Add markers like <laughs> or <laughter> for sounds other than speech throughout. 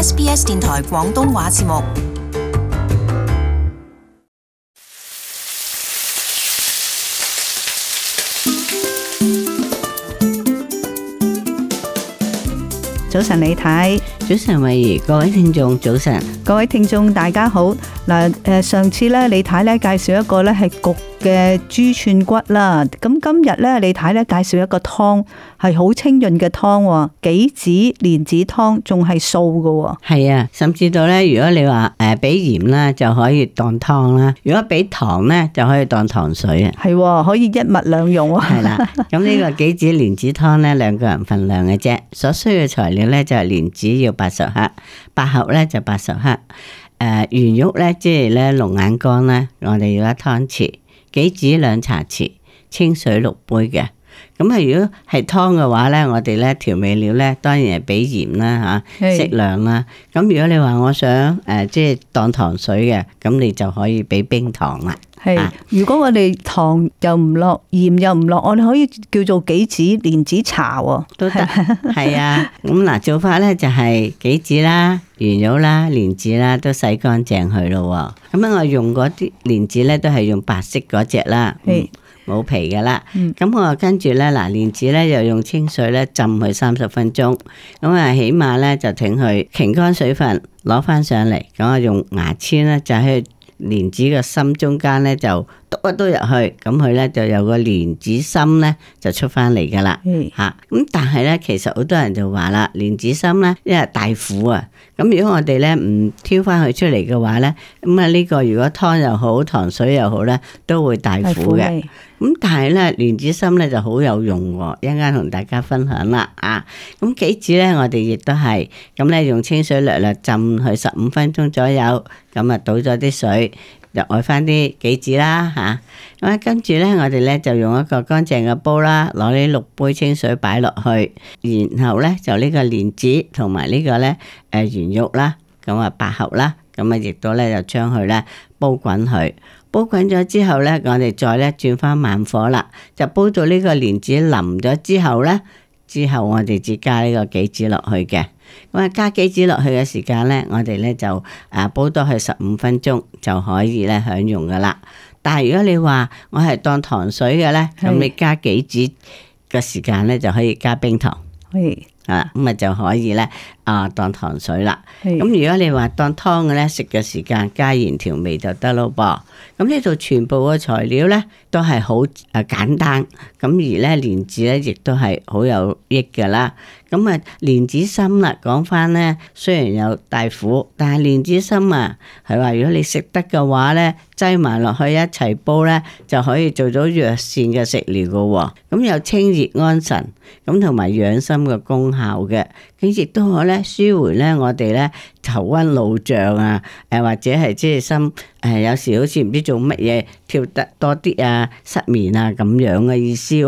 SBS 電台廣東話節目。早晨，李太。早晨，惠儀，各位聽眾，早晨。各位聽眾，大家好。嗱，誒上次咧，李太咧介紹一個咧係局。嘅豬串骨啦，咁今日咧，你睇咧，介紹一個湯係好清潤嘅湯，杞子蓮子湯仲係素噶、哦，係啊，甚至到咧，如果你話誒俾鹽啦，就可以當湯啦；如果俾糖咧，就可以當糖水啊，係可以一物兩用啊、哦。係 <laughs> 啦，咁、這、呢個杞子蓮子湯咧，兩個人份量嘅啫，所需嘅材料咧就係、是、蓮子要八十克，百合咧就八十克，誒、呃、圓肉咧即係咧龍眼乾咧，我哋要一湯匙。杞子兩茶匙，清水六杯嘅。咁啊，如果係湯嘅話咧，我哋咧調味料咧，當然係俾鹽啦吓，適量啦。咁是如果你話我想誒，即係當糖水嘅，咁你就可以俾冰糖啦。係，如果我哋糖又唔落，鹽又唔落，我哋可以叫做杞子蓮子茶喎。都得行，係吧啊。咁嗱，做法咧就係杞子啦、圓肉啦、蓮子啦，都洗乾淨佢咯。咁啊，我用嗰啲蓮子咧，都係用白色嗰隻啦。冇皮噶啦，咁、嗯、我跟住咧，嗱蓮子咧又用清水咧浸佢三十分鐘，咁啊起碼咧就整佢瀝乾水分，攞翻上嚟，咁我用牙籤咧就喺蓮子個心中間咧就篤一篤入去，咁佢咧就有個蓮子心咧就出翻嚟噶啦，吓、嗯、咁、啊、但係咧其實好多人就話啦，蓮子心咧因為大苦啊。咁如果我哋咧唔挑翻佢出嚟嘅話咧，咁啊呢個如果湯又好糖水又好咧，都會大苦嘅。咁但係咧蓮子心咧就好有用，哦，一陣間同大家分享啦。啊，咁杞子咧我哋亦都係，咁咧用清水略略浸佢十五分鐘左右，咁啊倒咗啲水，就愛翻啲杞子啦嚇，咁啊跟住咧，我哋咧就用一個乾淨嘅煲啦，攞呢六杯清水擺落去，然後咧就呢個蓮子同埋呢個咧誒圓肉啦，咁啊百合啦，咁啊亦都咧就將佢咧煲滾佢，煲滾咗之後咧，我哋再咧轉翻慢火啦，就煲到呢個蓮子腍咗之後咧。之後我哋只加呢個杞子落去嘅，咁啊加杞子落去嘅時間呢，我哋呢就啊煲多佢十五分鐘就可以呢享用噶啦。但係如果你話我係當糖水嘅呢，咁是你加杞子嘅時間呢，就可以加冰糖。啊，咁啊就可以咧，啊當糖水啦。咁的如果你話當湯嘅咧，食嘅時間加鹽調味就得咯噃。咁呢度全部嘅材料咧都係好啊簡單，咁而咧蓮子咧亦都係好有益噶啦。咁啊蓮子心啦、啊，講翻咧，雖然有大苦，但係蓮子心啊，係話如果你食得嘅話咧，擠埋落去一齊煲咧，就可以做到藥膳嘅食療噶、啊，咁有清熱安神，咁同埋養心嘅功效嘅。佢亦都可咧舒緩咧我哋咧頭暈腦脹啊，誒或者係即係心誒有時好似唔知做乜嘢跳得多啲啊、失眠啊咁樣嘅意思喎。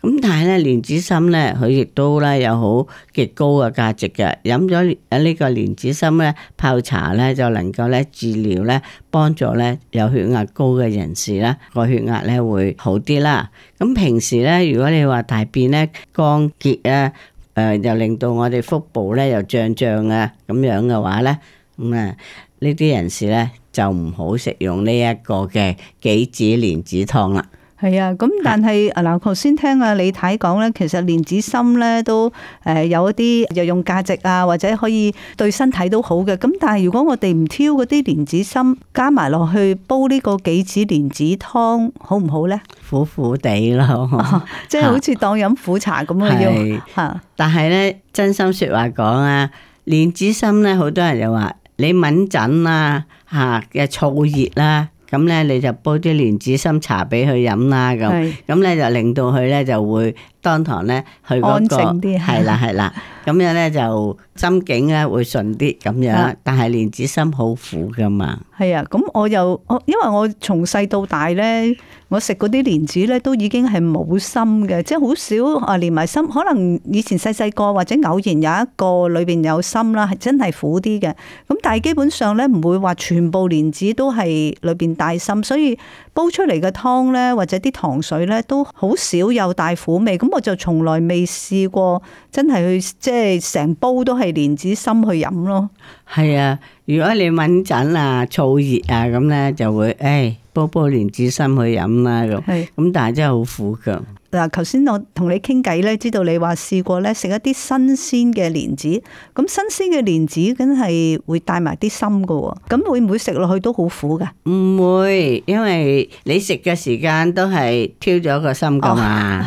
咁但係咧蓮子心咧，佢亦都咧有好極高嘅價值嘅。飲咗呢個蓮子心咧泡茶咧，就能夠咧治療咧幫助咧有血壓高嘅人士咧個血壓咧會好啲啦。咁平時咧，如果你話大便咧乾結啊～誒、呃、又令到我哋腹部咧又漲漲啊，咁樣嘅話咧，咁啊呢啲人士咧就唔好食用呢一個嘅杞子蓮子湯啦。係啊，咁但係嗱，頭先聽阿李太講咧，其實蓮子心咧都誒有一啲藥用價值啊，或者可以對身體都好嘅。咁但係如果我哋唔挑嗰啲蓮子心加埋落去煲呢個杞子蓮子湯，好唔好咧？苦苦地咯、 <laughs> 啊，即係好似當飲苦茶咁是啊要吓。但係咧，真心話說話講啊，蓮子心咧，好多人又話你敏感啊，吓嘅燥熱啦。咁呢你就煲啲蓮子心茶俾佢飲啦，咁咁呢就令到佢呢就會。當堂咧去嗰，那個安靜啲係啦，係啦，咁 <laughs> 樣咧就心境咧會順啲咁樣，但係蓮子心好苦噶嘛。係啊，咁我又，因為我從細到大咧，我食嗰啲蓮子咧都已經係冇心嘅，即係好少啊連埋心。可能以前細細個或者偶然有一個裏邊有心啦，係真係苦啲嘅。咁但係基本上咧唔會話全部蓮子都係裏邊帶心，所以煲出嚟嘅湯咧或者啲糖水咧都好少有帶苦味咁。我就從來未試過真係去即係成煲都係蓮子心去飲咯。係啊，如果你敏感啊、燥熱啊咁咧，就會誒。哎煲煲蓮子心去飲啦，咁咁是但係真係好苦噶。嗱，頭先我同你傾偈咧，知道你話試過咧食一啲新鮮嘅蓮子，咁新鮮嘅蓮子梗係會帶埋啲心噶，咁會唔會食落去都好苦噶？唔會，因為你食嘅時間都係挑咗個心噶嘛。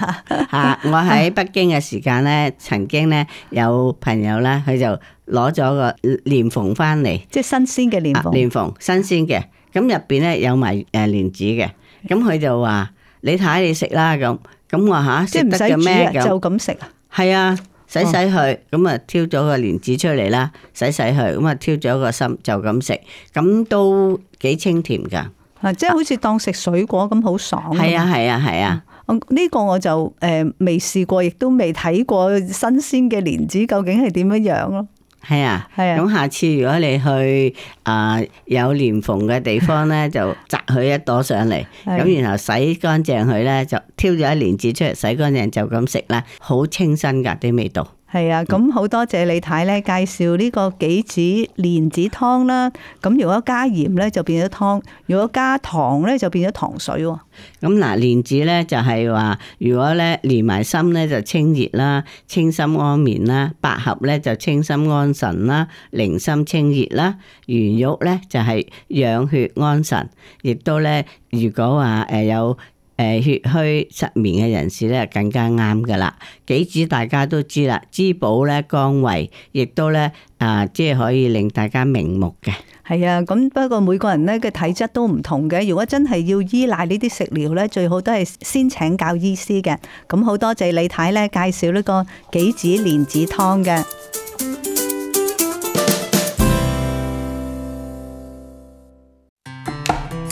吓、哦， <laughs> 我喺北京嘅時間咧，曾經咧有朋友咧，佢就攞咗個蓮蓬翻嚟，即係新鮮嘅蓮蓬，啊、蓮蓬新鮮嘅。咁入邊咧有埋誒蓮子嘅，咁佢就話：你睇下你食啦，咁咁我吓即係唔使煮、啊，就咁食啊。係啊，洗洗佢。咁啊、嗯、挑咗個蓮子出嚟啦，洗洗佢。咁啊挑咗個心，就咁食，咁都幾清甜噶。啊，即係好似當食水果咁，好爽。係啊，係啊，係啊。呢、啊嗯這個我就誒未試過，亦都未睇過新鮮嘅蓮子究竟係點樣樣咯。係啊，咁、啊、下次如果你去啊、呃、有蓮蓬嘅地方咧，就摘佢一朵上嚟，咁、啊、然後洗乾淨佢咧，就挑咗一蓮子出嚟，洗乾淨就咁食啦，好清新噶啲味道。係啊，咁好多謝李太咧介紹呢個杞子蓮子湯啦。咁如果加鹽咧就變咗湯，如果加糖咧就變咗糖水喎。咁嗱、嗯，蓮子咧就係話，如果咧連埋心咧就清熱啦、清心安眠啦，百合咧就清心安神啦、寧心清熱啦，圓肉咧就係養血安神，亦都咧如果話誒有誒，血虛失眠嘅人士咧更加啱噶啦杞子大家都知啦，滋補咧，肝胃，亦都咧啊，即係可以令大家明目嘅。係啊，咁不過每個人咧嘅體質都唔同嘅，如果真係要依賴呢啲食療咧，最好都係先請教醫師嘅。咁好多謝李太咧介紹呢個杞子蓮子湯嘅。